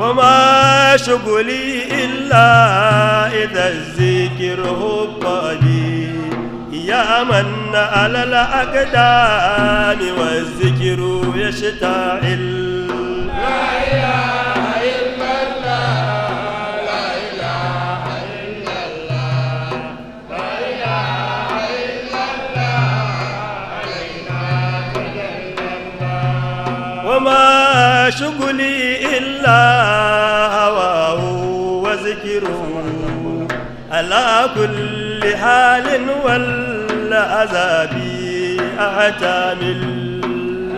وما شغلي إلا إذا الذكر هبالي يا من على الأقدام والذكر يشتعل لا إله كل حال ولا عذابي أعتامل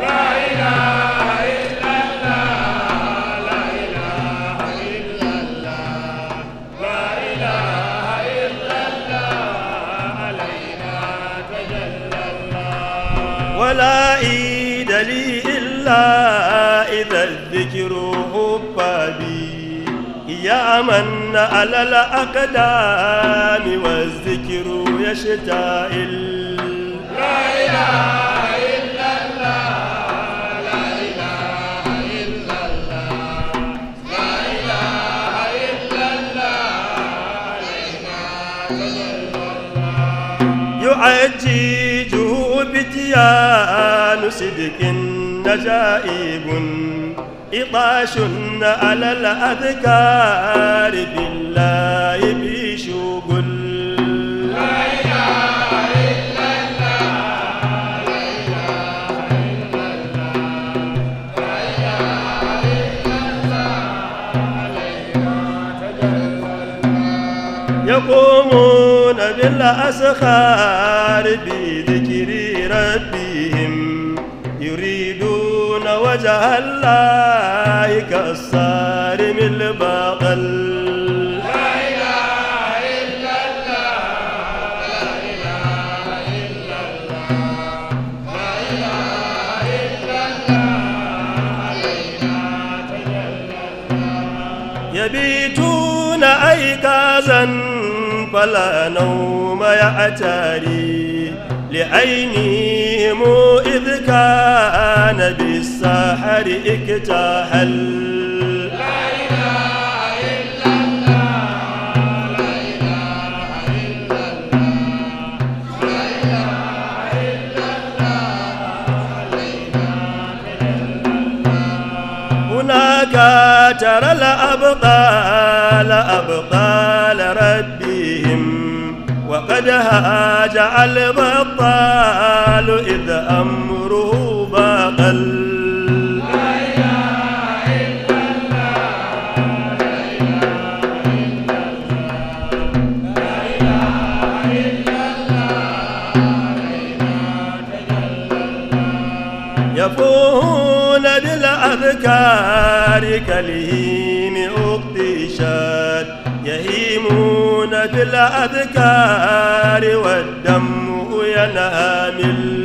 لا إله إلا الله لا إله إلا الله لا إله إلا الله تجلى الله ولا إيد لي إلا إذا الذكر هبى بي يا من على الأقدار الشتاء لا إله إلا الله لا إله إلا الله لا إله إلا الله يعججه بديان صدق نجائب إطاش على الأذكار بالله يقومون بالأسخار بذكر ربهم يريدون وجه الله كالصارم الباطل يبيتون أيقاظا فلا نوم يا يعتري لعينهم إذ كان بالسحر اكتحل ترى الأبطال أبطال وجه جاء البطال إذا أمره بقل يفون للأذكار كالهيم أقتشاد يهيمون تمدد الأذكار والدم ينامل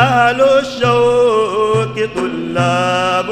أهل الشوق طلاب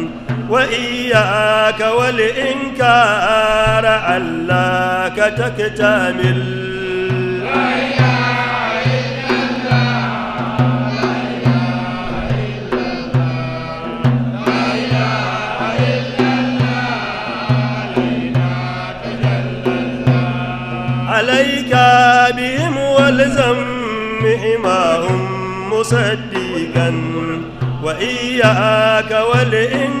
وإياك والإنكار علاك تكتمل عليك بهم ولزمهما هم مصدقا وإياك والإنكار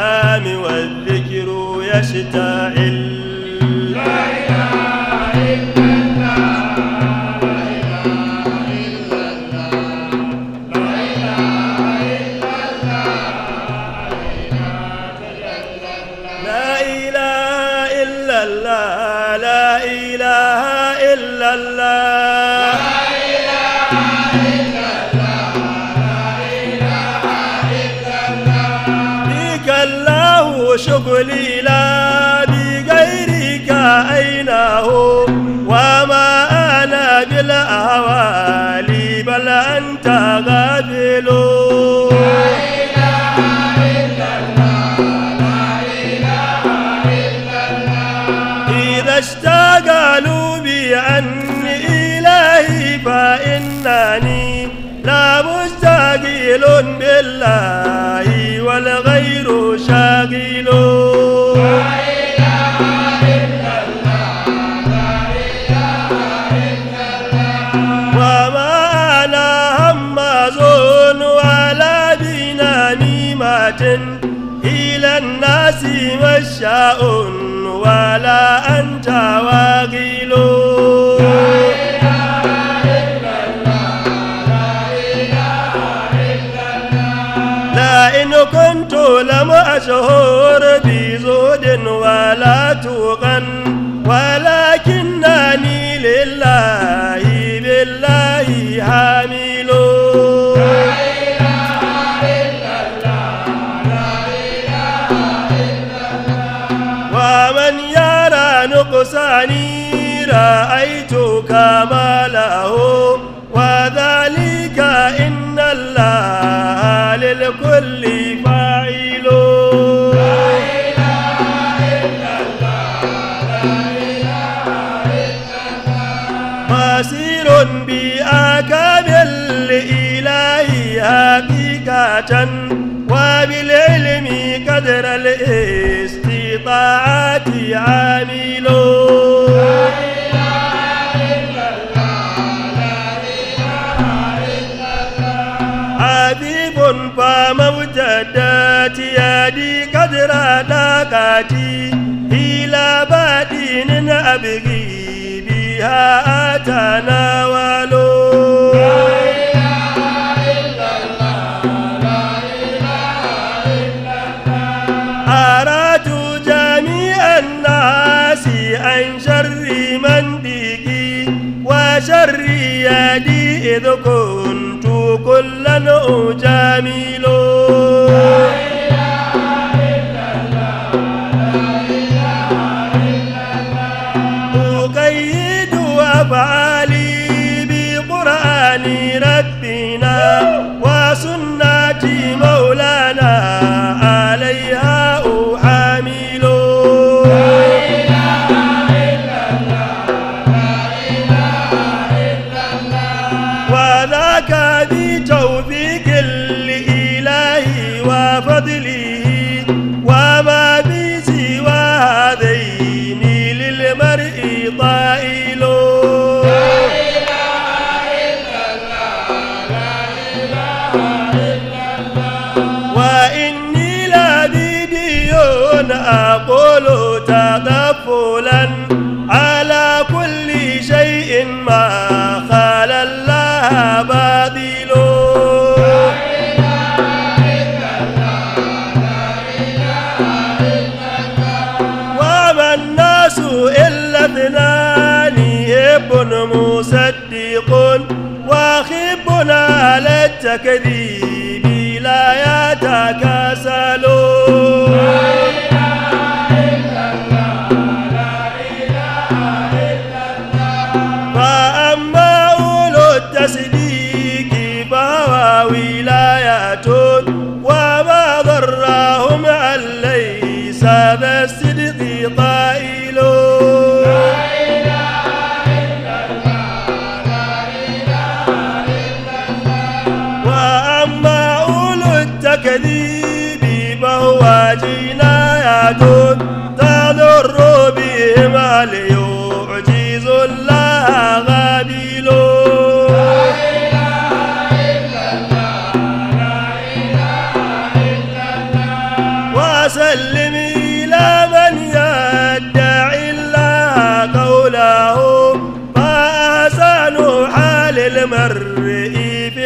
يشتعل لا إله إلا لا إله إلا الله شاء ولا أنت واغل كنت لم أشعر بزود ولا تغن ولا كل فاعل لا إله إلا الله لا إله إلا الله مسير بأكمل الإله حقيقة وبالعلم قدر الاستطاعة عامل أبغي بها أتناول أردت جميع الناس أن شر من بقي وشر يدي إذ كنت كلا أجامل نبينا وسنة مولانا ta kadi bila ya taka salo مختال الربي ماليو عجيز الله غبيلو وسلم إلى من يدعي الله قوله فأحسن حال المرء في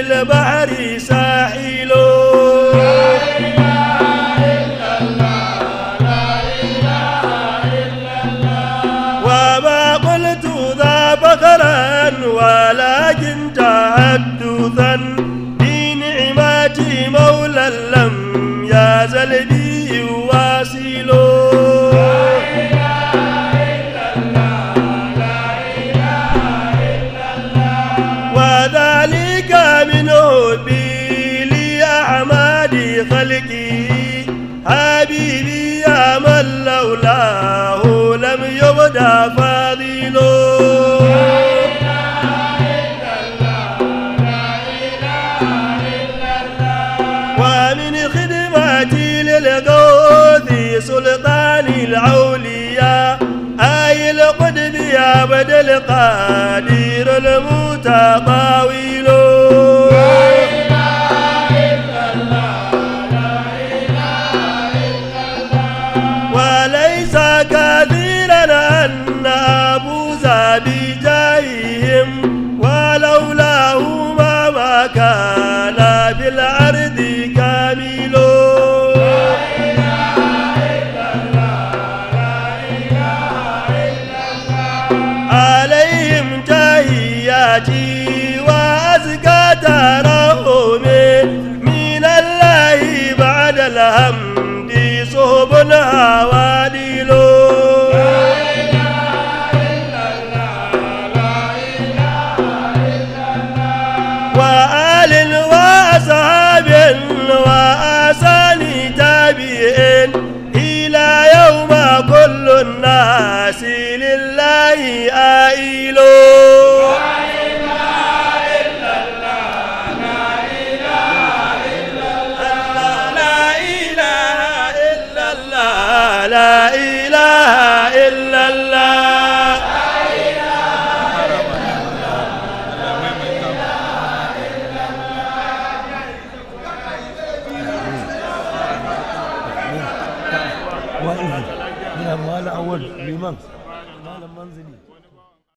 devagar.